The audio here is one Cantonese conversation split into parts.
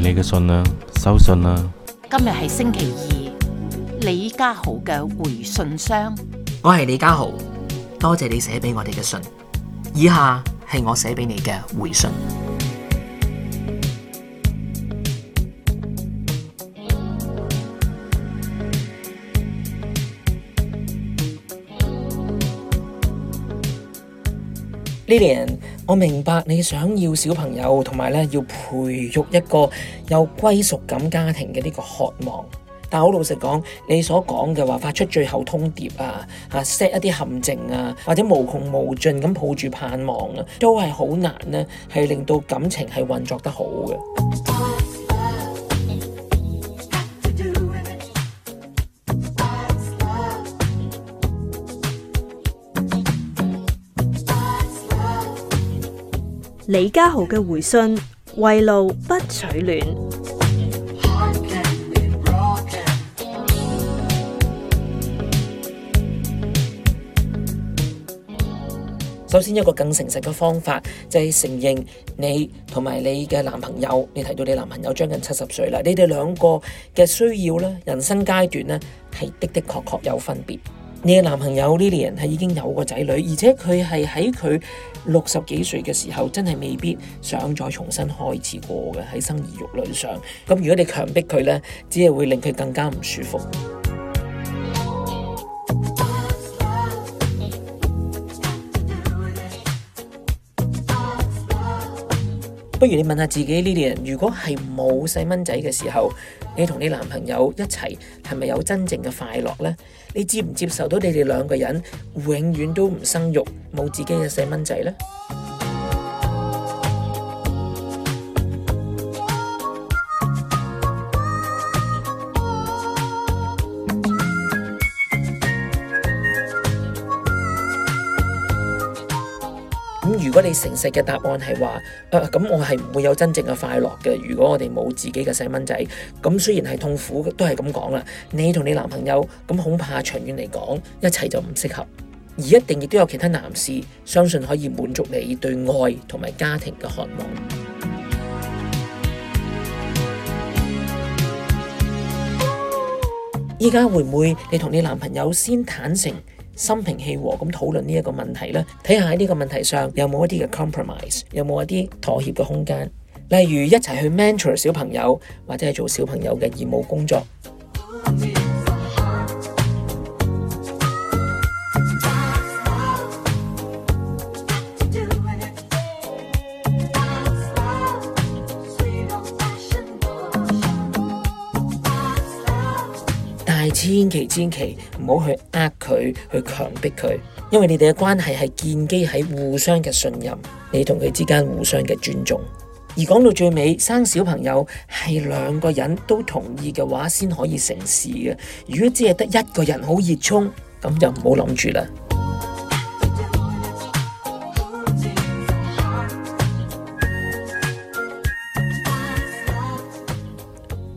你嘅信啦、啊，收信啦、啊。今日係星期二，李家豪嘅回信箱。我係李家豪，多謝你寫俾我哋嘅信。以下係我寫俾你嘅回信。Lilian 我明白你想要小朋友同埋咧要培育一個有歸屬感的家庭嘅呢個渴望，但好老實講，你所講嘅話，發出最後通牒啊，啊 set 一啲陷阱啊，或者無窮無盡咁抱住盼望啊，都係好難呢，係令到感情係運作得好嘅。李家豪嘅回信：圍爐不取暖。首先，一個更誠實嘅方法，就係、是、承認你同埋你嘅男朋友。你提到你男朋友將近七十歲啦，你哋兩個嘅需要咧，人生階段咧，係的的確確有分別。你嘅男朋友 Lilian，係已經有個仔女，而且佢係喺佢六十幾歲嘅時候，真係未必想再重新開始過嘅喺生兒育女上。咁如果你強迫佢呢，只係會令佢更加唔舒服。不如你問下自己呢啲人，Lilian，如果係冇細蚊仔嘅時候，你同你男朋友一齊係咪有真正嘅快樂呢？你接唔接受到你哋兩個人永遠都唔生育，冇自己嘅細蚊仔呢？咁如果你誠實嘅答案係話，誒、呃，咁我係唔會有真正嘅快樂嘅。如果我哋冇自己嘅細蚊仔，咁雖然係痛苦，都係咁講啦。你同你男朋友，咁恐怕長遠嚟講，一切就唔適合。而一定亦都有其他男士相信可以滿足你對愛同埋家庭嘅渴望。依家會唔會你同你男朋友先坦誠？心平氣和咁討論呢一個問題啦，睇下喺呢個問題上有冇一啲嘅 compromise，有冇一啲妥協嘅空間，例如一齊去 mentor 小朋友，或者係做小朋友嘅義務工作。千祈千祈唔好去呃佢，去強迫佢，因為你哋嘅關係係建基喺互相嘅信任，你同佢之間互相嘅尊重。而講到最尾，生小朋友係兩個人都同意嘅話先可以成事嘅，如果只係得一個人好熱衷，咁就唔好諗住啦。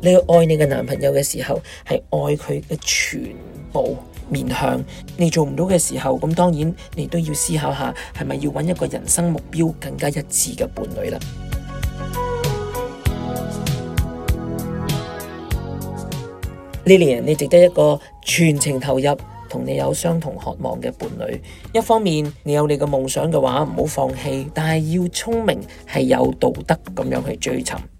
你要愛你嘅男朋友嘅時候，係愛佢嘅全部面向。你做唔到嘅時候，咁當然你都要思考下，係咪要揾一個人生目標更加一致嘅伴侶啦。 Lilian，你值得一個全情投入、同你有相同渴望嘅伴侶。一方面，你有你嘅夢想嘅話，唔好放棄，但係要聰明，係有道德咁樣去追尋。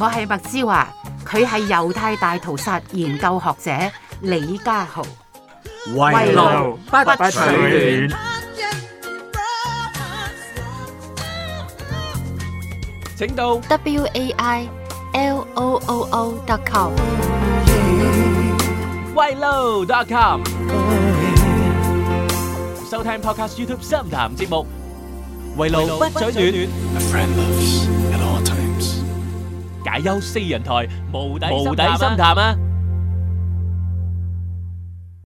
我係麥之華，佢係猶太大屠殺研究學者李家豪。圍爐不取暖，請到 wailoo.com。wailoo.com 收聽 Podcast YouTube 深談節目，圍爐不取暖。解憂四人台，無底深潭啊！